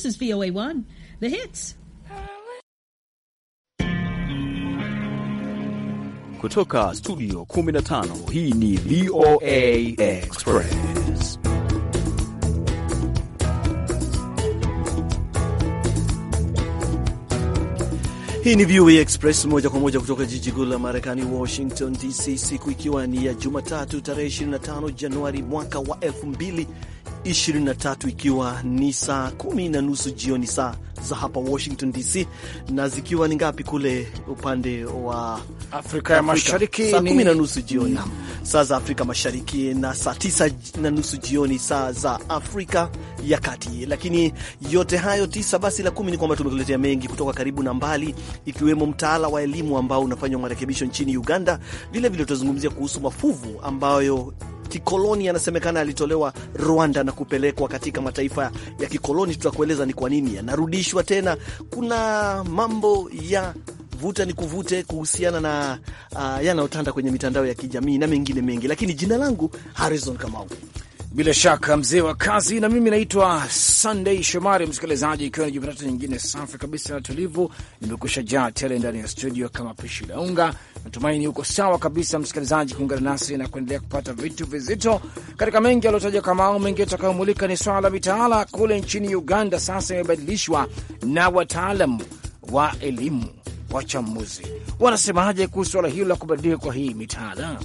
This is VOA1, The Hits. Kutoka studio 15 hii ni VOA Express. Hii ni VOA Express moja kwa moja kutoka jiji kuu la Marekani, Washington DC, siku ikiwa ni ya Jumatatu tarehe 25 Januari mwaka wa 2000 23 ikiwa ni saa kumi na nusu jioni saa za hapa Washington DC, na zikiwa ni ngapi kule upande wa Afrika ya Mashariki? Saa kumi na nusu jioni na saa za Afrika Mashariki, na saa tisa na nusu jioni saa za Afrika ya Kati. Lakini yote hayo tisa, basi la kumi ni kwamba tumekuletea mengi kutoka karibu na mbali, ikiwemo mtaala wa elimu ambao unafanywa marekebisho nchini Uganda. Vilevile tutazungumzia kuhusu mafuvu ambayo kikoloni anasemekana alitolewa Rwanda na kupelekwa katika mataifa ya kikoloni. Tutakueleza ni kwa nini yanarudishwa tena. Kuna mambo ya vuta ni kuvute kuhusiana na uh, yanayotanda kwenye mitandao ya kijamii na mengine mengi, lakini jina langu Harrison Kamau. Bila shaka mzee wa kazi, na mimi naitwa Sunday Shomari. Msikilizaji, ikiwa ni Jumatatu nyingine safi kabisa na tulivu, nimekusha jaa tele ndani ya studio kama pishi la unga. Natumaini uko sawa kabisa msikilizaji, kuungana nasi na kuendelea kupata vitu vizito katika mengi aliotaja Kamao. Mengi atakayomulika ni swala la mitaala kule nchini Uganda, sasa imebadilishwa na wataalam wa elimu wachambuzi wanasemaje kuhusu swala hilo la kubadilika kwa hii mitaala?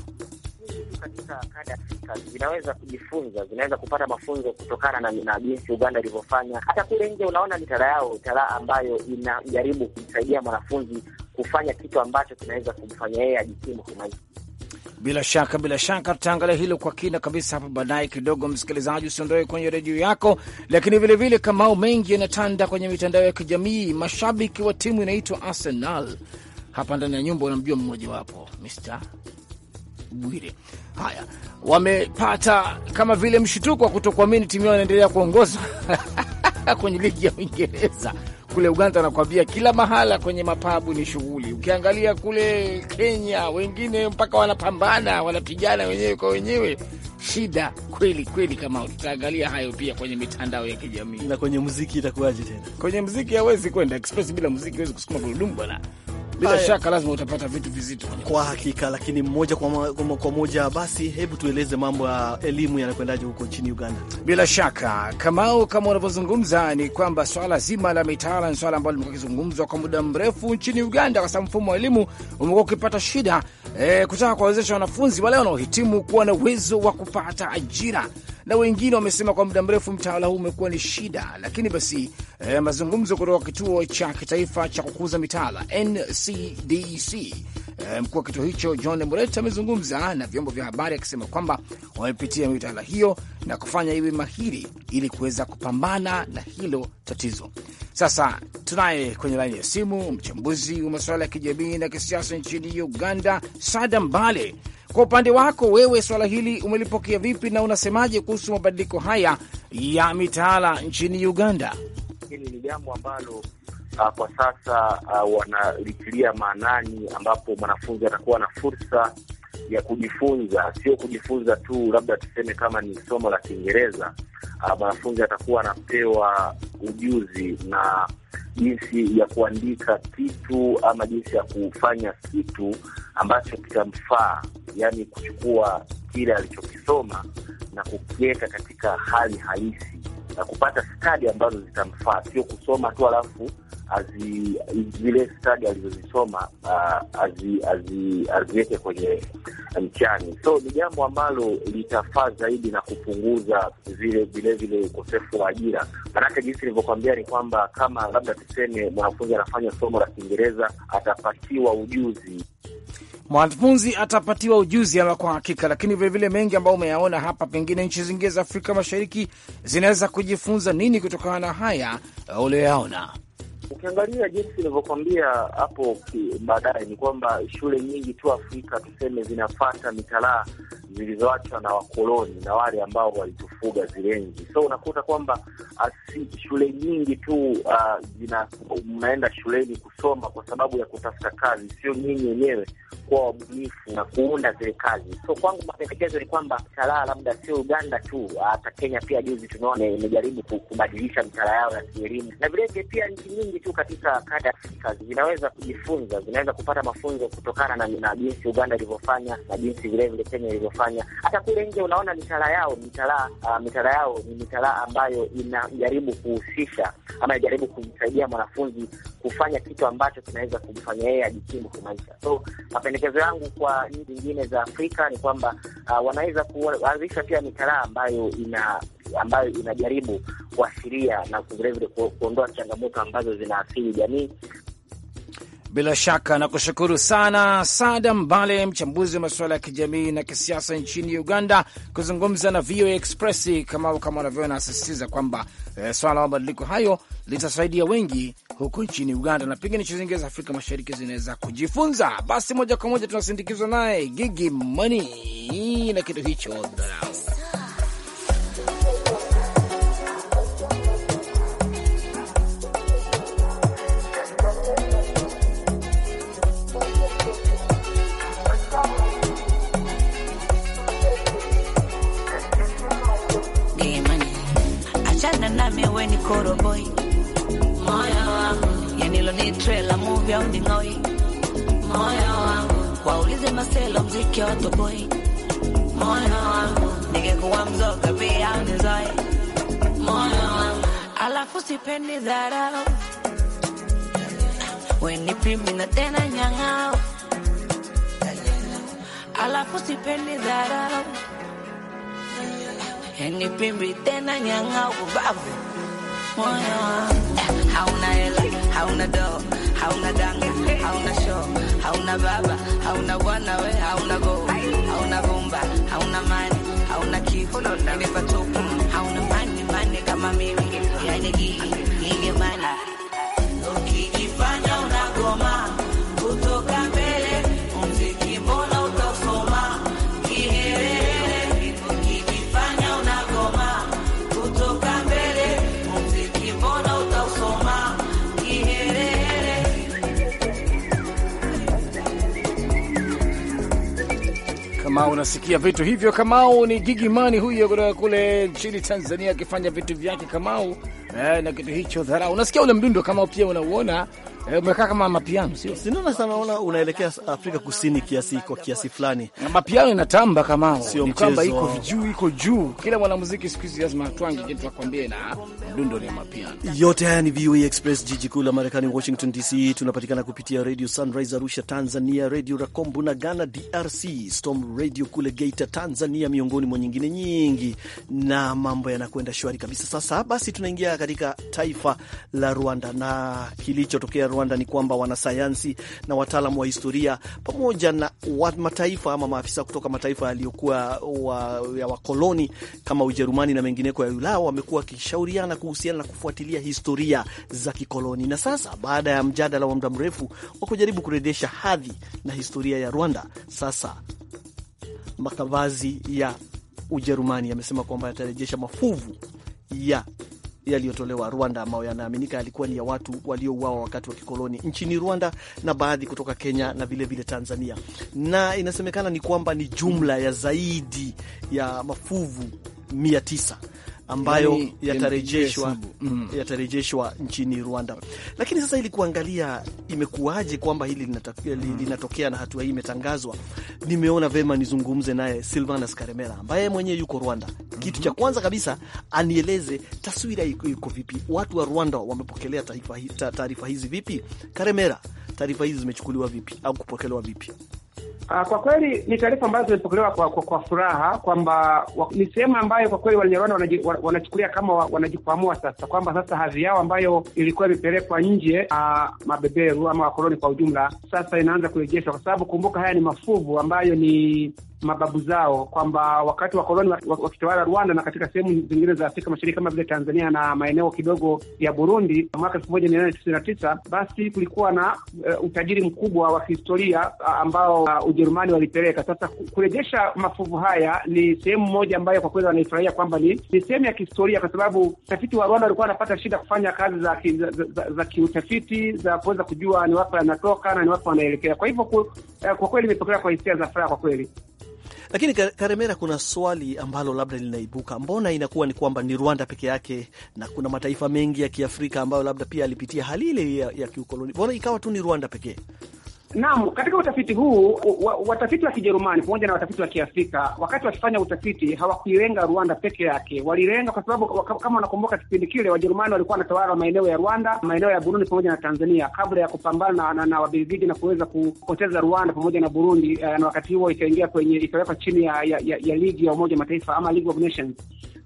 katika kada Afrika zinaweza kujifunza, zinaweza kupata mafunzo kutokana na, na jinsi Uganda ilivyofanya. Hata kule nje unaona ni tara yao, tara ambayo inajaribu kumsaidia mwanafunzi kufanya kitu ambacho kinaweza kumfanya yeye ajikimu kimaisha. Bila shaka bila shaka, tutaangalia hilo kwa kina kabisa hapo baadaye kidogo. Msikilizaji, usiondoe kwenye redio yako, lakini vilevile, kamao mengi yanatanda kwenye mitandao ya kijamii. Mashabiki wa timu inaitwa Arsenal hapa ndani ya nyumba, unamjua mmojawapo Mr Bwire. Haya, wamepata kama vile mshituko wa kutokuamini timu yao inaendelea kuongoza kwenye ligi ya Uingereza. Kule Uganda nakwambia, kila mahala kwenye mapabu ni shughuli. Ukiangalia kule Kenya, wengine mpaka wanapambana, wanapigana wenyewe kwa wenyewe. Shida kweli kweli, kama tutaangalia hayo pia kwenye mitandao ya kijamii. Na kwenye muziki itakuwaje tena? Kwenye muziki hawezi kwenda express bila muziki, hawezi kusukuma gurudumu bwana bila shaka lazima utapata vitu vizito kwa hakika. Lakini moja kwa moja basi, hebu tueleze mambo ya elimu yanakwendaje huko nchini Uganda. Bila shaka Kamau, kama unavyozungumza ni kwamba swala zima la mitaala ni swala ambalo limekuwa kizungumzwa kwa muda mrefu nchini Uganda, kwa sababu mfumo wa elimu umekuwa ukipata shida e, kutaka kuwawezesha wanafunzi wale wanaohitimu kuwa na uwezo wa kupata ajira na wengine wamesema kwa muda mrefu mtaala huu umekuwa ni shida, lakini basi eh, mazungumzo kutoka kituo cha kitaifa cha kukuza mitaala NCDC eh, mkuu wa kituo hicho John Muret amezungumza na vyombo vya habari akisema kwamba wamepitia mitaala hiyo na kufanya iwe mahiri ili kuweza kupambana na hilo tatizo. Sasa tunaye kwenye laini ya simu mchambuzi wa masuala ya kijamii na kisiasa nchini Uganda, Sada Mbale. Kwa upande wako wewe, swala hili umelipokea vipi na unasemaje kuhusu mabadiliko haya ya mitaala nchini Uganda? Hili ni jambo ambalo uh, kwa sasa uh, wanalitilia maanani, ambapo mwanafunzi atakuwa na fursa ya kujifunza, sio kujifunza tu labda tuseme kama ni somo la Kiingereza. Uh, mwanafunzi atakuwa anapewa ujuzi na jinsi ya kuandika kitu ama jinsi ya kufanya kitu ambacho kitamfaa, yaani kuchukua kile alichokisoma na kukiweka katika hali halisi na kupata stadi ambazo zitamfaa, sio kusoma tu alafu zile stadi alizozisoma uh, aziweke kwenye mchani. So ni jambo ambalo litafaa zaidi na kupunguza vile vilevile ukosefu wa ajira, maanake jinsi ilivyokwambia ni kwamba kama labda tuseme mwanafunzi anafanya somo la Kiingereza atapatiwa ujuzi mwanafunzi atapatiwa ujuzi ama kwa hakika, lakini vilevile mengi ambayo umeyaona hapa, pengine nchi zingine za Afrika Mashariki zinaweza kujifunza nini kutokana na haya ulioyaona? Ukiangalia jinsi ilivyokwambia hapo baadaye, ni kwamba shule nyingi tu Afrika tuseme zinafata mitalaa zilizoachwa na wakoloni na wale ambao walitufuga zilengi so unakuta kwamba asi, shule nyingi tu uh, zina, mnaenda shuleni kusoma kwa sababu ya kutafuta kazi, sio nyinyi wenyewe kuwa wabunifu na kuunda zile kazi. So kwangu mapendekezo ni kwamba mtalaa labda sio Uganda tu, hata Kenya pia juzi tunaona imejaribu kubadilisha mitaala yao ya kielimu, na vilevile pia nchi nyingi tu katika kanda ya Afrika zinaweza kujifunza, zinaweza kupata mafunzo kutokana na, na jinsi Uganda ilivyofanya na jinsi vilevile Kenya ilivyofanya. Hata kule nje unaona mitaala yao mitaala uh, yao ni mitaraa ambayo ina inajaribu kuhusisha ama inajaribu kumsaidia mwanafunzi kufanya kitu ambacho kinaweza kumfanya yeye ajikimu kimaisha. So mapendekezo yangu kwa nchi zingine za Afrika ni kwamba uh, wanaweza kuanzisha pia mitaala ambayo ina ambayo inajaribu kuashiria na vilevile kuondoa changamoto ambazo zinaathiri jamii bila shaka nakushukuru sana Sada Mbale, mchambuzi wa masuala ya kijamii na kisiasa nchini Uganda, kuzungumza na VOA Express kama kama wanavyoona, asisitiza kwamba e, swala la mabadiliko hayo litasaidia wengi huko nchini Uganda na pengine nchi zingine za Afrika Mashariki zinaweza kujifunza. Basi moja kwa moja tunasindikizwa naye Gigi Mani na kitu hicho dharau koroboi moyo wangu, yanilo ni trela muvi au ni ngoi moyo wangu, waulize maselo mziki wa toboi moyo wangu, ningekuwa mzoga pia au nizoe moyo wangu, alafu sipendi dharau weni pimbi na tena nyang'ao, alafu sipendi dharau weni pimbi tena nyang'ao ubavu moyo Hauna hela, hauna doo, hauna danga, hauna show, hauna baba, hauna bwana, we hauna go, hauna bomba, hauna mani, hauna kifo, yaani hauna mani mani kama mimi yani kama unasikia vitu hivyo, Kamau ni gigimani huyo kutoka kule nchini Tanzania akifanya vitu vyake Kamau eh, na kitu hicho dharau. Unasikia ule mdundo kama pia unauona eh, umekaa kama mapiano, sio sinaona sana, naona unaelekea Afrika Kusini kiasi, kwa kiasi fulani mapiano inatamba kama sio mchezo, iko juu, iko juu. Kila mwanamuziki siku hizi lazima atwange kitu akwambie, na mdundo ni mapiano. Yote haya ni VOA Express, jiji kuu la Marekani, Washington DC. Tunapatikana kupitia Radio Sunrise Arusha Tanzania, Radio Rakombu na Ghana DRC, Storm Radio kule Geita Tanzania, miongoni mwa nyingine nyingi, na mambo yanakwenda shwari kabisa. Sasa basi tunaingia katika taifa la Rwanda. Na kilichotokea Rwanda ni kwamba wanasayansi na wataalamu wa historia pamoja na wa mataifa ama maafisa kutoka mataifa yaliyokuwa wa, ya wakoloni kama Ujerumani na mengineko ya Ulaya wamekuwa wakishauriana kuhusiana na kufuatilia historia za kikoloni. Na sasa baada ya mjadala wa muda mrefu wa kujaribu kurejesha hadhi na historia ya Rwanda, sasa makavazi ya Ujerumani yamesema kwamba yatarejesha mafuvu ya yaliyotolewa Rwanda ambayo yanaaminika yalikuwa ni ya watu waliouawa wakati wa kikoloni nchini Rwanda na baadhi kutoka Kenya na vilevile vile Tanzania, na inasemekana ni kwamba ni jumla ya zaidi ya mafuvu mia tisa ambayo yaani yatarejeshwa mm, mm. yatarejeshwa nchini Rwanda. Lakini sasa ili kuangalia imekuwaje kwamba hili linatokea, mm, linatokea na hatua hii imetangazwa, nimeona vema nizungumze naye Silvanus Karemera ambaye mwenyewe yuko Rwanda. Kitu cha mm-hmm. kwanza kabisa anieleze taswira iko vipi, watu wa Rwanda wamepokelea taarifa hizi vipi? Karemera, taarifa hizi zimechukuliwa vipi au kupokelewa vipi? Ah, kwa kweli ni taarifa ambazo zimepokelewa kwa, kwa, kwa furaha kwamba ni sehemu ambayo kwa kweli Wanyarwanda wanachukulia kama wanajikwamua sasa, kwamba sasa hadhi yao ambayo ilikuwa imepelekwa nje a ah, mabeberu ama wakoloni kwa ujumla sasa inaanza kurejeshwa, kwa sababu kumbuka, haya ni mafuvu ambayo ni mababu zao kwamba wakati wa koloni wakitawala Rwanda na katika sehemu zingine za Afrika Mashariki kama vile Tanzania na maeneo kidogo ya Burundi mwaka elfu moja mia nane tisini na tisa basi kulikuwa na uh, utajiri mkubwa wa kihistoria ambao uh, Ujerumani walipeleka. Sasa kurejesha mafuvu haya ni sehemu moja ambayo kwa kweli wanaifurahia kwamba ni, ni sehemu ya kihistoria, kwa sababu tafiti wa Rwanda walikuwa wanapata shida kufanya kazi za, ki, za, za, za, za kiutafiti za kuweza kujua ni wapi wanatoka na ni wapi wanaelekea. Kwa hivyo ku, uh, kwa kweli imepokelewa kwa hisia za furaha kwa kweli. Lakini Karemera, kuna swali ambalo labda linaibuka, mbona inakuwa ni kwamba ni Rwanda peke yake na kuna mataifa mengi ya Kiafrika ambayo labda pia alipitia hali ile ya, ya kiukoloni, mbona ikawa tu ni Rwanda pekee? Naam, katika utafiti huu watafiti wa Kijerumani pamoja na watafiti wa Kiafrika wakati wakifanya utafiti hawakuilenga Rwanda peke yake, walilenga kwa sababu kama wanakumbuka kipindi kile Wajerumani walikuwa wanatawala maeneo ya Rwanda, maeneo ya Burundi pamoja na Tanzania kabla ya kupambana na, na, na Wabelgiji na kuweza kupoteza Rwanda pamoja na Burundi eh, na wakati huo ikaingia kwenye ikawekwa chini ya, ya, ya, ya ligi ya Umoja Mataifa ama League of Nations.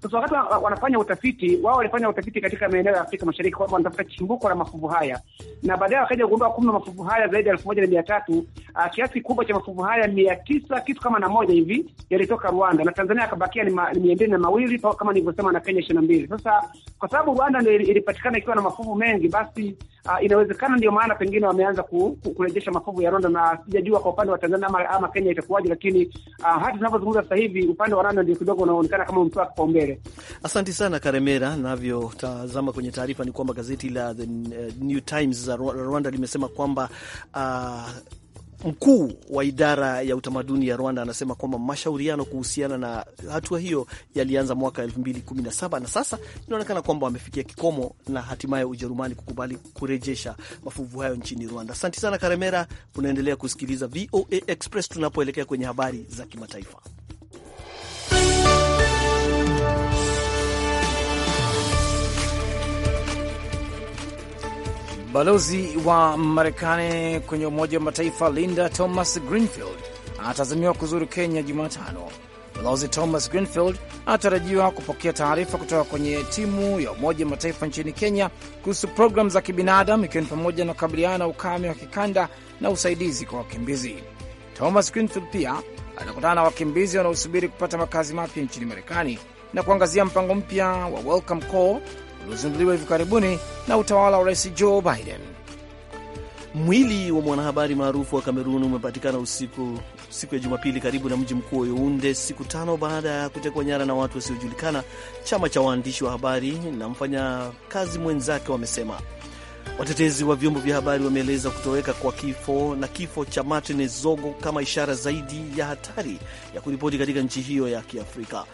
Sasa wakati wanafanya utafiti wao, walifanya utafiti katika maeneo ya Afrika Mashariki kwamba wanatafuta chimbuko la mafuvu haya, na baadaye wakaja kugundua kumbe mafuvu haya zaidi ya elfu moja na mia tatu ah, kiasi kikubwa cha mafuvu haya mia tisa kitu kama na moja hivi yalitoka Rwanda na Tanzania akabakia ni mia mbili na mawili kama nilivyosema, na Kenya ishirini na mbili. Sasa kwa sababu Rwanda ilipatikana ikiwa na mafuvu mengi, basi uh, inawezekana ndio maana pengine wameanza ku, ku, kurejesha mafuvu ya Rwanda, na sijajua kwa upande wa Tanzania ama, ama Kenya itakuwaje, lakini uh, ah, hata tunavyozungumza sasa hivi upande wa Rwanda ndio kidogo unaonekana kama mtoa kipaumbele. Asante sana Karemera. Navyotazama kwenye taarifa ni kwamba gazeti la The eh, New Times za Rwanda limesema kwamba uh, mkuu wa idara ya utamaduni ya Rwanda anasema kwamba mashauriano kuhusiana na hatua hiyo yalianza mwaka 2017 na sasa inaonekana kwamba wamefikia kikomo na hatimaye Ujerumani kukubali kurejesha mafuvu hayo nchini Rwanda. Asante sana Karemera, unaendelea kusikiliza VOA Express tunapoelekea kwenye habari za kimataifa. Balozi wa Marekani kwenye Umoja wa Mataifa Linda Thomas Greenfield anatazamiwa kuzuru Kenya Jumatano. Balozi Thomas Greenfield anatarajiwa kupokea taarifa kutoka kwenye timu ya Umoja wa Mataifa nchini Kenya kuhusu programu za kibinadamu, ikiwa ni pamoja na kukabiliana na ukame wa kikanda na usaidizi kwa wakimbizi. Thomas Greenfield pia anakutana na wakimbizi wanaosubiri kupata makazi mapya nchini Marekani na kuangazia mpango mpya wa Welcome Call uliozinduliwa hivi karibuni na utawala wa rais Joe Biden. Mwili wa mwanahabari maarufu wa Kamerun umepatikana usiku siku ya Jumapili karibu na mji mkuu wa younde siku tano baada ya kutekwa nyara na watu wasiojulikana, chama cha waandishi wa habari na mfanyakazi mwenzake wamesema. Watetezi wa vyombo vya habari wameeleza kutoweka kwa kifo na kifo cha Martin Zogo kama ishara zaidi ya hatari ya kuripoti katika nchi hiyo ya Kiafrika.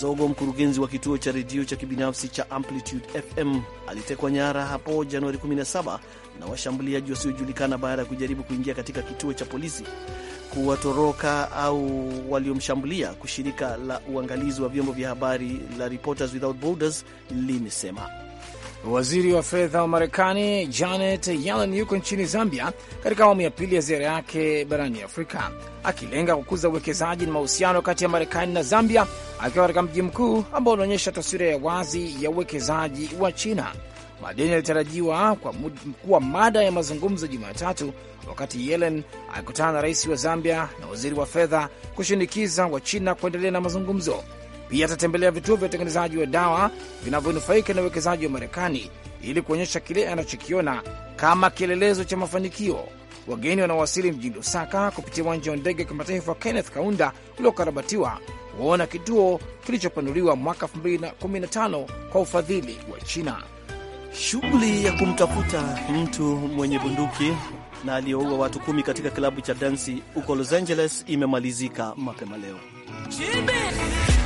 Zogo, mkurugenzi wa kituo cha redio cha kibinafsi cha Amplitude FM, alitekwa nyara hapo Januari 17 na washambuliaji wasiojulikana baada ya kujaribu kuingia katika kituo cha polisi kuwatoroka au waliomshambulia, kushirika la uangalizi wa vyombo vya habari la Reporters Without Borders limesema. Waziri wa fedha wa Marekani Janet Yellen yuko nchini Zambia katika awamu ya pili ya ziara yake barani Afrika, akilenga kukuza uwekezaji na mahusiano kati ya Marekani na Zambia, akiwa katika mji mkuu ambao unaonyesha taswira ya wazi ya uwekezaji wa China. Madeni yalitarajiwa kuwa mada ya mazungumzo Jumatatu, wakati Yellen akikutana na rais wa Zambia na waziri wa fedha kushinikiza wa China kuendelea na mazungumzo. Pia atatembelea vituo vya utengenezaji wa dawa vinavyonufaika na uwekezaji wa Marekani ili kuonyesha kile anachokiona kama kielelezo cha mafanikio. Wageni wanaowasili mjini usaka kupitia uwanja wa ndege kimataifa wa Kenneth Kaunda uliokarabatiwa huona kituo kilichopanuliwa mwaka 2015 kwa ufadhili wa China. Shughuli ya kumtafuta mtu mwenye bunduki na aliyoua watu kumi katika kilabu cha dansi huko Los Angeles imemalizika mapema leo Jimmy.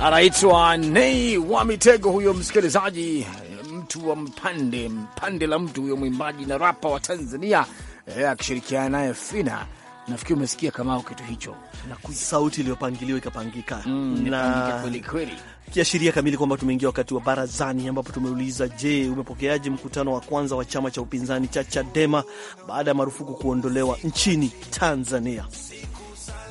anaitwa Nei wa Mitego, huyo msikilizaji, mtu wa mpande mpande la mtu huyo, mwimbaji na rapa wa Tanzania eh, akishirikiana naye Fina. Nafikiri umesikia kama kitu hicho, sauti iliyopangiliwa ikapangika mm, na kweli kweli kiashiria kamili kwamba tumeingia wakati wa barazani, ambapo tumeuliza je, umepokeaje mkutano wa kwanza wa chama cha upinzani cha Chadema baada ya marufuku kuondolewa nchini Tanzania?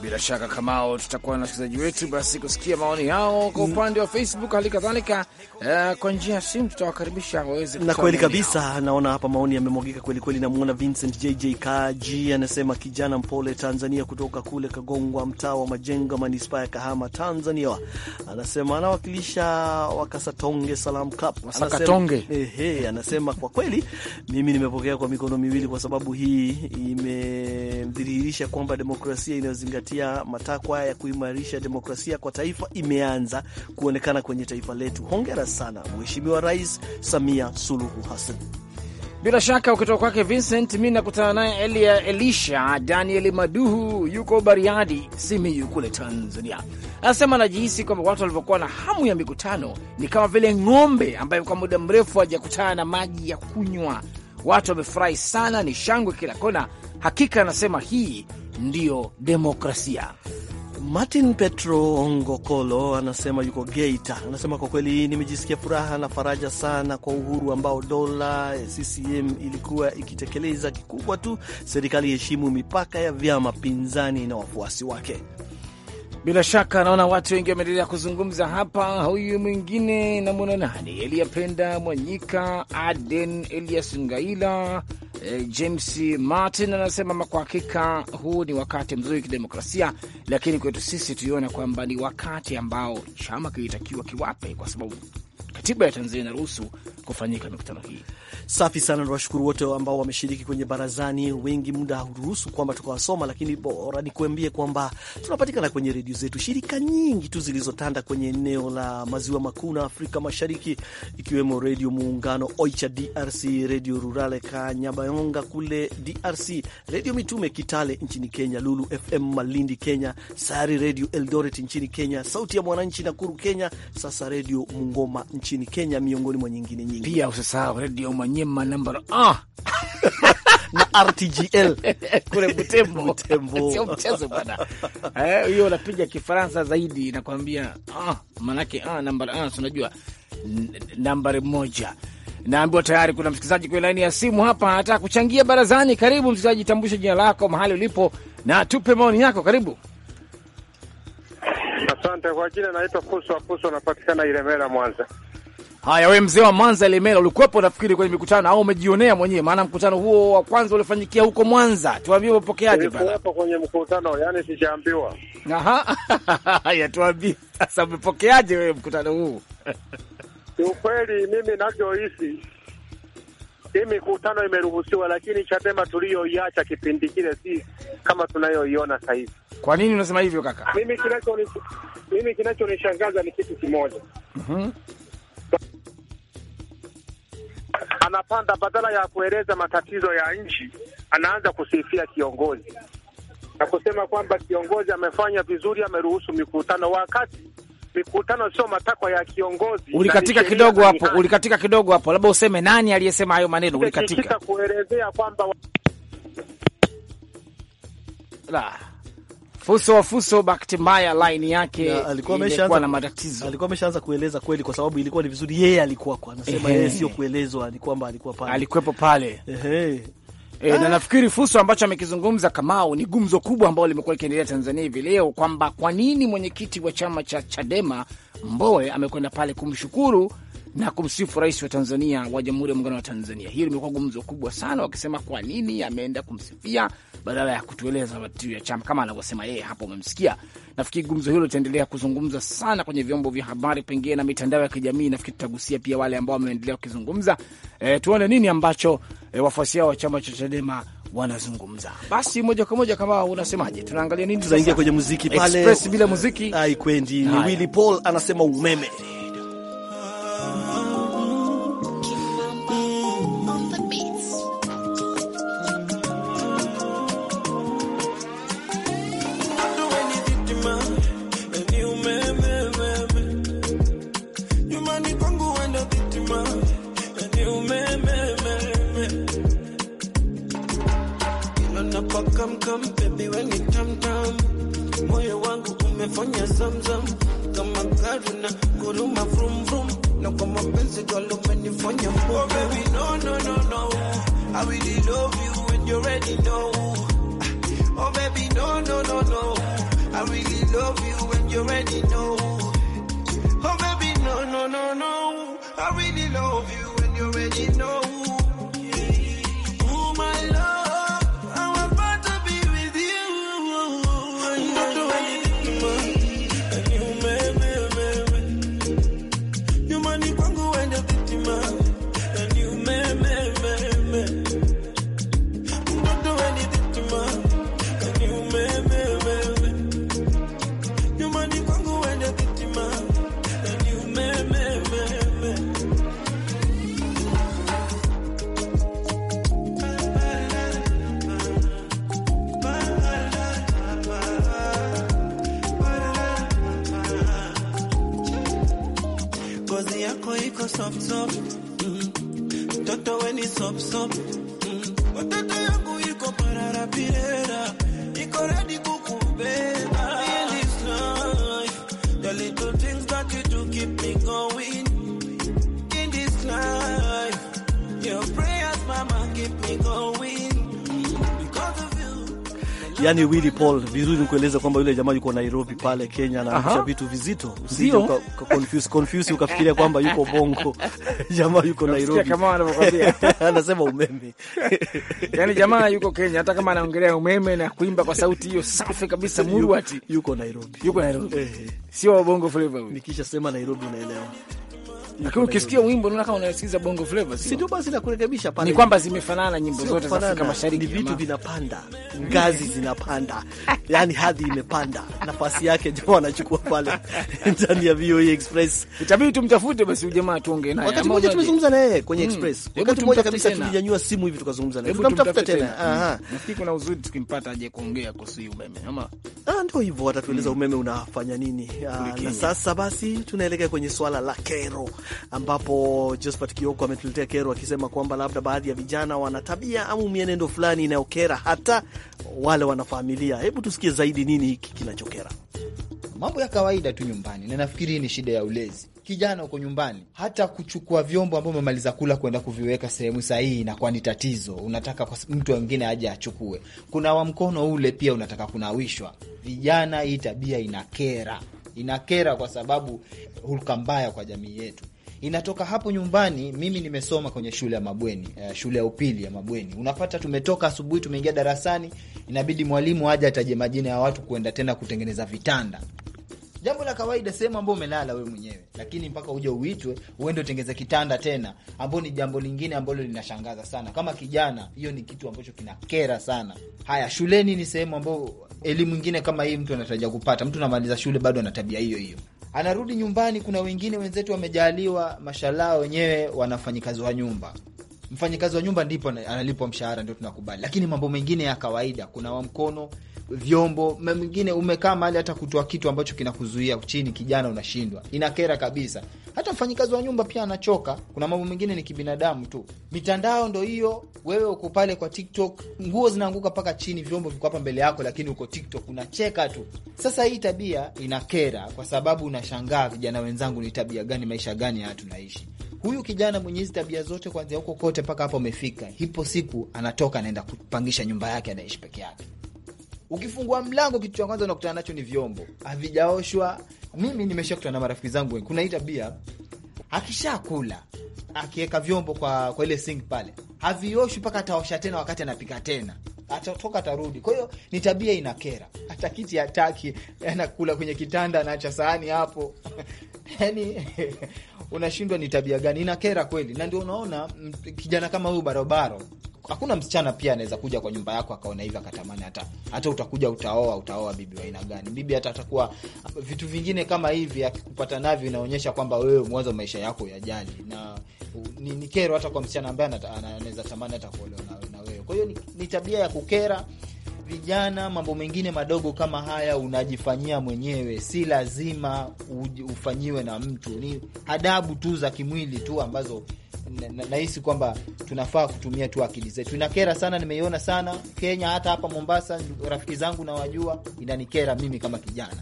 Bila shaka Kamao, tutakuwa na wasikilizaji wetu basi kusikia maoni yao kwa mm. upande wa Facebook, hali kadhalika uh, kwa njia ya simu tutawakaribisha waweze. Na kweli kabisa, naona hapa maoni yamemwagika kweli kweli. Namwona Vincent JJ Kaji anasema kijana mpole Tanzania kutoka kule Kagongwa, mtaa wa Majengo, manispaa ya Kahama, Tanzania. Anasema anawakilisha Wakasatonge Salam Club, anasema, ehe, anasema kwa kweli mimi nimepokea kwa mikono miwili, kwa sababu hii imedhihirisha kwamba demokrasia inayozingatia kufuatia matakwa ya kuimarisha demokrasia kwa taifa imeanza kuonekana kwenye taifa letu. Hongera sana Mheshimiwa Rais Samia Suluhu Hassan. Bila shaka ukitoka kwake Vincent, mi nakutana naye Elia Elisha Daniel Maduhu, yuko Bariadi Simiyu kule Tanzania. Anasema anajihisi kwamba watu walivyokuwa na hamu ya mikutano ni kama vile ng'ombe ambaye kwa muda mrefu hajakutana na maji ya kunywa. Watu wamefurahi sana, ni shangwe kila kona. Hakika anasema hii ndiyo demokrasia. Martin Petro Ngokolo anasema yuko Geita. Anasema kwa kweli, nimejisikia furaha na faraja sana kwa uhuru ambao dola CCM ilikuwa ikitekeleza. Kikubwa tu serikali iheshimu mipaka ya vyama pinzani na wafuasi wake. Bila shaka naona watu wengi wameendelea kuzungumza hapa. Huyu mwingine namwona nani, Eliapenda Mwanyika, Aden Elias Ngaila Eh, James Martin anasema kwa hakika huu ni wakati mzuri kidemokrasia, lakini kwetu sisi tuiona kwamba ni wakati ambao chama kilitakiwa kiwape, kwa sababu katiba ya Tanzania inaruhusu kufanyika mikutano hii. Safi sana, niwashukuru wote ambao wameshiriki kwenye barazani. Wengi muda hauruhusu kwamba tukawasoma, lakini bora nikuambie kwamba tunapatikana kwenye redio zetu shirika nyingi tu zilizotanda kwenye eneo la maziwa makuu na Afrika Mashariki, ikiwemo Redio Muungano Oicha DRC, Redio Rurale Kanyabayonga kule DRC, Redio Mitume Kitale nchini Kenya, Lulu FM Malindi Kenya, Sayari Redio Eldoret nchini Kenya, Sauti ya Mwananchi Nakuru Kenya, sasa Redio Mungoma nchini Kenya, miongoni mwa nyingine nyingi. Pia usisahau redio Manyema namba ah! na RTGL kule Butembo, Butembo. Sio mchezo bwana eh, hiyo, unapiga Kifaransa zaidi nakwambia ah, manake ah, nambari ah, unajua nambari moja. Naambiwa tayari kuna msikilizaji kwenye laini ya simu hapa anataka kuchangia barazani. Karibu msikilizaji, tambushe jina lako, mahali ulipo na tupe maoni yako. Karibu. Asante kwa jina, naitwa Puswa Puswa, napatikana Ilemela, Mwanza. Haya, wewe mzee wa Mwanza Lemela, ulikuwepo nafikiri kwenye mikutano au umejionea mwenyewe? Maana mkutano huo wa kwanza ulifanyikia huko Mwanza, tuambie umepokeaje? Hapo kwenye mkutano, yani sijaambiwa. Aha, haya tuambie sasa, umepokeaje wewe mkutano huu? Kiukweli mimi navyohisi hii mikutano imeruhusiwa, lakini Chadema tuliyoiacha kipindi kile si kama tunayoiona sasa hivi. Kwa nini unasema hivyo kaka? Mimi kinachonishangaza ni kitu kimoja. mm -hmm anapanda, badala ya kueleza matatizo ya nchi, anaanza kusifia kiongozi na kusema kwamba kiongozi amefanya vizuri, ameruhusu mikutano, wakati mikutano sio matakwa ya kiongozi. Ulikatika kidogo hapo, ulikatika kidogo hapo, labda useme nani aliyesema hayo maneno. Ulikatika kuelezea kwamba la Fuso wa Fuso Baktimaya line yake alikuwa ameshaanza na matatizo, alikuwa ameshaanza kueleza kweli, kwa sababu ilikuwa ni vizuri yeye alikuwa kwa anasema yeye sio kuelezwa, ni kwamba alikuwa pale, alikuwepo pale ehe. E, na nafikiri Fuso ambacho amekizungumza Kamau ni gumzo kubwa ambalo limekuwa likiendelea Tanzania hivi leo kwamba kwa nini mwenyekiti wa chama cha Chadema Mbowe amekwenda pale kumshukuru na kumsifu rais wa Tanzania wa Jamhuri ya Muungano wa Tanzania. Hiyo limekuwa gumzo kubwa sana, wakisema kwa nini ameenda kumsifia badala ya kutueleza matukio ya chama kama anavyosema yeye hapo. Umemsikia. Nafikiri gumzo hilo litaendelea kuzungumza sana kwenye vyombo vya habari, pengine na mitandao ya kijamii. Nafikiri tutagusia pia wale ambao wameendelea kukizungumza. E, tuone nini ambacho e, wafuasi hao wa chama cha Chadema wanazungumza basi. Moja kwa moja, kama unasemaje, tunaangalia nini? Tunaingia kwenye muziki pale, Express bila muziki haikwendi. Ni Willy Paul anasema umeme yani Willy Paul, vizuri nikueleza kwamba yule jamaa yuko Nairobi pale Kenya, anaanzisha vitu vizito, usije uka confuse confuse ukafikiria kwamba yuko Bongo. Jamaa yuko Nairobi kama anavyokuambia anasema umeme yani jamaa yuko Kenya, hata kama anaongelea umeme na kuimba kwa sauti hiyo safi kabisa, murwati yuko Nairobi, yuko Nairobi, eh. sio Bongo Flava. Nikisha sema Nairobi unaelewa lakini ukisikia wimbo unaona kama unasikiza bongo flavor, si ndio? Basi kurekebisha pale, ni kwamba zimefanana nyimbo zote za Afrika Mashariki, ni vitu vinapanda ngazi zinapanda, yani hadhi imepanda. Nafasi yake jamaa anachukua pale ndani ya VOA e Express. Itabidi tumtafute basi ujamaa, tuongee naye. Wakati mmoja tumezungumza naye kwenye hmm. Express, wakati mmoja kabisa tulinyanyua simu hivi tukazungumza naye, tutamtafuta tena. Hmm. Aha, nafikiri kuna uzuri tukimpata aje kuongea kuhusu umeme, ama ah, ndio hivyo, watatueleza hmm. umeme unafanya nini. Ah, na sasa basi tunaelekea kwenye swala la kero ambapo Josephat Kioko ametuletea kero akisema kwamba labda baadhi ya vijana wana tabia au mienendo fulani inayokera hata wale wanafamilia. Hebu tusikie zaidi nini hiki kinachokera. Mambo ya kawaida tu nyumbani, na nafikiri hii ni shida ya ulezi. Kijana huko nyumbani, hata kuchukua vyombo ambavyo umemaliza kula kwenda kuviweka sehemu sahihi inakuwa ni tatizo. Unataka mtu mwingine aje achukue, kuna wa mkono ule pia unataka kunawishwa. Vijana, hii tabia inakera, inakera kwa sababu hulka mbaya kwa jamii yetu inatoka hapo nyumbani. Mimi nimesoma kwenye shule ya mabweni, eh, shule ya upili ya mabweni. Unapata tumetoka asubuhi, tumeingia darasani, inabidi mwalimu aje ataje majina ya watu kwenda tena kutengeneza vitanda jambo la kawaida sehemu ambao umelala wewe mwenyewe, lakini mpaka uje uitwe uende utengeze kitanda tena, ambao ni jambo lingine ambalo linashangaza sana kama kijana. Hiyo ni kitu ambacho kinakera sana. Haya, shuleni ni sehemu ambao elimu ingine kama hii mtu anatarajia kupata. Mtu anamaliza shule bado ana tabia hiyo hiyo anarudi nyumbani. Kuna wengine wenzetu wamejaliwa, mashalaa, wenyewe wanafanyikazi wa nyumba mfanyikazi wa nyumba ndipo analipwa mshahara, ndio tunakubali, lakini mambo mengine ya kawaida, kunawa mkono, vyombo mengine, umekaa mahali hata kutoa kitu ambacho kinakuzuia chini, kijana unashindwa, inakera kabisa. Hata mfanyikazi wa nyumba pia anachoka. Kuna mambo mengine ni kibinadamu tu. Mitandao ndo hiyo, wewe uko pale kwa TikTok, nguo zinaanguka mpaka chini, vyombo viko hapa mbele yako, lakini uko TikTok unacheka tu. Sasa hii tabia inakera, kwa sababu unashangaa vijana wenzangu, ni tabia gani? Maisha gani haya tunaishi? Huyu kijana mwenye hizi tabia zote, kwanzia huko kote mpaka hapa umefika, hipo siku anatoka anaenda kupangisha nyumba yake, anaishi peke yake. Ukifungua mlango, kitu cha kwanza unakutana nacho ni vyombo havijaoshwa. Mimi nimesha kutana na marafiki zangu wengi, kuna hii tabia, akishakula akiweka vyombo kwa, kwa ile sink pale havioshwi mpaka ataosha tena, wakati anapika tena atatoka atarudi. Kwa hiyo ni tabia inakera. Hata kiti hataki, anakula kwenye kitanda, anaacha sahani hapo yani unashindwa ni tabia gani? Inakera kweli, na ndio unaona kijana kama huyu barobaro hakuna msichana pia anaweza kuja kwa nyumba yako akaona hivi akatamani hata hata utakuja utaoa utaoa bibi wa aina gani? Bibi hata atakuwa vitu vingine kama hivi akikupata navyo inaonyesha kwamba wewe mwanzo maisha yako yajali, na ni, ni kero hata kwa msichana ambaye anaweza tamani hata kuolewa na, na wewe. Kwa hiyo ni, ni tabia ya kukera vijana, mambo mengine madogo kama haya unajifanyia mwenyewe, si lazima ufanyiwe na mtu. Ni adabu tu za kimwili tu ambazo nahisi na kwamba tunafaa kutumia tu akili zetu. Inakera sana, nimeiona sana Kenya, hata hapa Mombasa rafiki zangu nawajua, inanikera mimi kama kijana.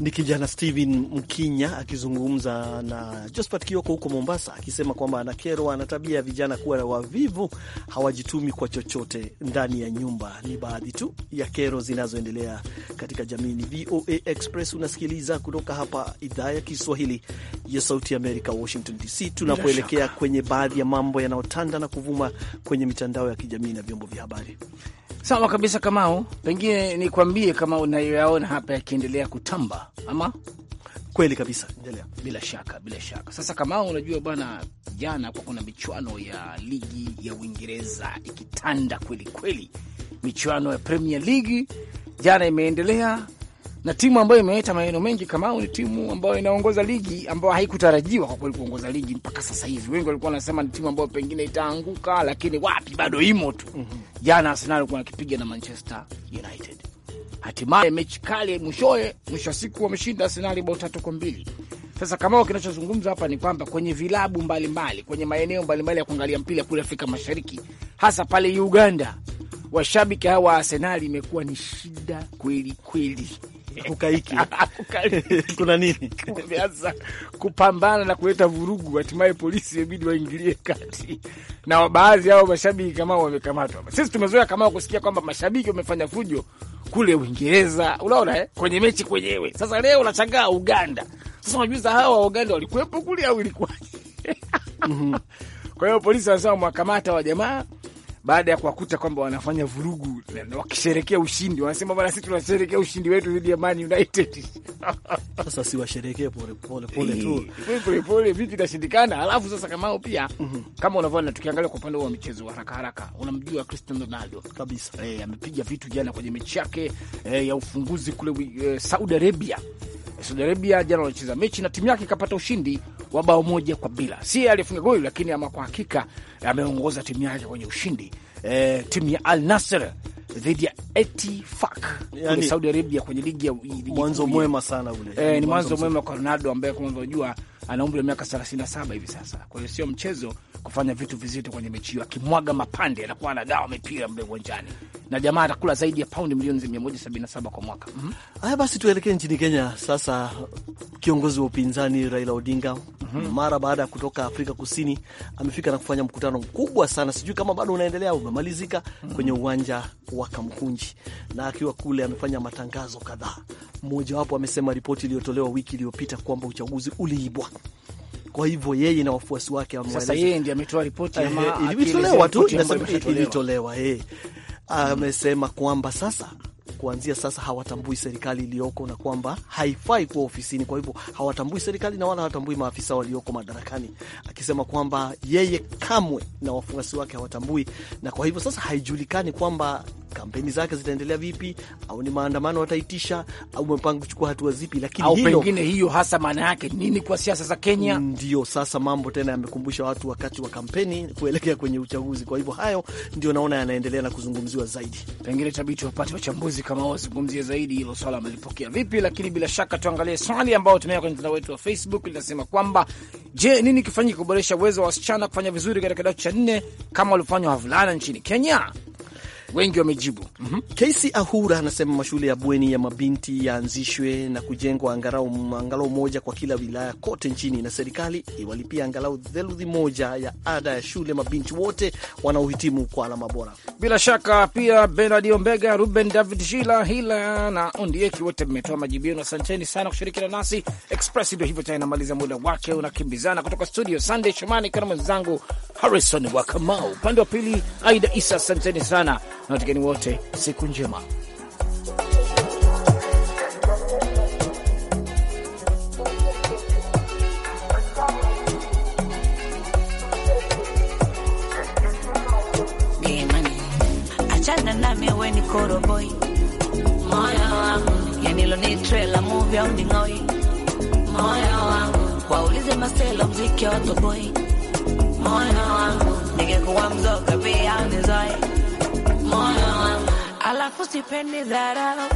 Ni kijana Steven Mkinya akizungumza na Josphat Kioko huko Mombasa, akisema kwamba anakerwa na tabia ya vijana kuwa na wavivu, hawajitumi kwa chochote ndani ya nyumba. Ni baadhi tu ya kero zinazoendelea katika jamii. Ni VOA Express unasikiliza kutoka hapa idhaa ya Kiswahili ya Sauti Amerika, Washington DC, tunapoelekea kwenye baadhi ya mambo yanayotanda na kuvuma kwenye mitandao ya kijamii na vyombo vya habari. Sawa kabisa, Kamao. Pengine nikwambie kama unayoyaona hapa yakiendelea kutamba, ama kweli kabisa, endelea. Bila shaka, bila shaka. Sasa Kamao, unajua bwana, jana kwa kuna michuano ya ligi ya Uingereza ikitanda kweli kweli, michuano ya Premier League jana imeendelea na timu ambayo imeleta maneno mengi Kamau ni timu ambayo inaongoza ligi ambayo haikutarajiwa kwa kweli kuongoza ligi mpaka sasa hivi. Wengi walikuwa wanasema ni timu ambayo pengine itaanguka, lakini wapi, bado imo tu. mm -hmm. Jana Arsenal alikuwa akipiga na Manchester United, hatimaye mechi kali mwishoe, mwisho wa siku wameshinda Arsenal bao tatu kwa mbili. Sasa kama kinachozungumzwa hapa ni kwamba kwenye vilabu mbalimbali mbali, kwenye maeneo mbalimbali ya kuangalia mpira kule Afrika Mashariki, hasa pale Uganda, washabiki hawa wa Arsenal imekuwa ni shida kweli kweli Kukaiki. Kuna nini? Wameanza kupambana na kuleta vurugu, hatimaye polisi imebidi waingilie kati, na baadhi yao mashabiki kama wamekamatwa. Sisi tumezoea kama kusikia kwamba mashabiki wamefanya fujo kule Uingereza, unaona eh, kwenye mechi kwenyewe. Sasa leo unachangaa Uganda. Sasa unajiuliza hawa wa Uganda walikuwepo kule au ilikuwaje? Mhm. Kwa hiyo polisi wanasema mwakamata wa jamaa baada ya kuwakuta kwamba wanafanya vurugu wakisherekea ushindi, wanasema bana, sisi tunasherekea ushindi wetu dhidi ya Man United. Sasa si washerekee pole pole pole tu, pole pole, vipi itashindikana? Alafu sasa kamao pia mm -hmm. kama unavyoona, tukiangalia kwa upande wa michezo haraka haraka, unamjua Cristiano Ronaldo kabisa eh, amepiga vitu jana kwenye mechi yake eh, ya ufunguzi kule eh, Saudi Arabia. Saudi Arabia jana wanacheza mechi na timu yake ikapata ushindi wa bao moja kwa bila. Si alifunga goli, lakini ama kwa hakika ameongoza timu yake kwenye ushindi e, timu ya Al Nasr dhidi ya Etifak yani, Saudi Arabia kwenye ligi ya mwanzo mwema sana ule. E, ni mwanzo mwema kwa Ronaldo ambaye kama unavyojua ana umri wa miaka 37 hivi sasa. Kwa hiyo sio mchezo kufanya vitu vizito kwenye mechi hiyo, akimwaga mapande, anakuwa anagawa mipira mle uwanjani, na jamaa atakula zaidi ya paundi milioni 177 kwa mwaka. mm -hmm. Haya basi, tuelekee nchini Kenya sasa. Kiongozi wa upinzani Raila Odinga mm -hmm. mara baada ya kutoka Afrika Kusini amefika na kufanya mkutano mkubwa sana, sijui kama bado unaendelea umemalizika, mm -hmm. kwenye uwanja wa Kamkunji, na akiwa kule amefanya matangazo kadhaa. Mmojawapo amesema ripoti iliyotolewa wiki iliyopita kwamba uchaguzi uliibwa kwa hivyo yeye na wafuasi wake sasa, yeye ndiye ametoa ripoti ilitolewa tu, ilitolewa eh, amesema kwamba sasa kuanzia sasa hawatambui serikali iliyoko na kwamba haifai kuwa ofisini. Kwa hivyo hawatambui serikali na wala hawatambui maafisa walioko madarakani, akisema kwamba yeye kamwe na wafuasi wake hawatambui, na kwa hivyo sasa haijulikani kwamba kampeni zake zitaendelea vipi, au ni maandamano wataitisha, au mpango kuchukua hatua zipi, lakini au hilo, pengine hiyo hasa maana yake nini kwa siasa za Kenya? Ndio sasa mambo tena yamekumbusha watu wakati wa kampeni kuelekea kwenye uchaguzi. Kwa hivyo hayo ndio naona yanaendelea na kuzungumziwa zaidi, pengine tabiti wapate wachambuzi kama wao wazungumzie zaidi hilo swala amelipokea vipi, lakini bila shaka tuangalie swali ambayo tumeweka kwenye mtandao wetu wa Facebook linasema kwamba je, nini kifanyike kuboresha uwezo wa wasichana kufanya vizuri katika kidato cha nne kama walivyofanywa wavulana nchini Kenya? wengi wamejibu. mm -hmm. Kesi Ahura anasema mashule ya bweni ya mabinti yaanzishwe na kujengwa angalau, angalau moja kwa kila wilaya kote nchini, na serikali iwalipia angalau theluthi moja ya ada ya shule mabinti wote wanaohitimu kwa alama bora. Bila shaka pia Benard Ombega, Ruben David Shila Hila na Ondieki wote mmetoa majibu yenu. Asanteni sana kushirikiana nasi. Express ndio hivyo tena, inamaliza muda wake unakimbizana kutoka studio. Sunday Shomani kana mwenzangu Harrison wa Kamau, upande wa pili Aida Isa. Asanteni sana na watigeni wote, siku njema. Achana nami we ni koroboi moyo wangu, yani lo ni trela movie au ni ngoi moyo wangu, waulize mziki wa toboi moyo wangu, ningekuwa mzoga pia nizoe moyo wangu, alafu sipendi dharau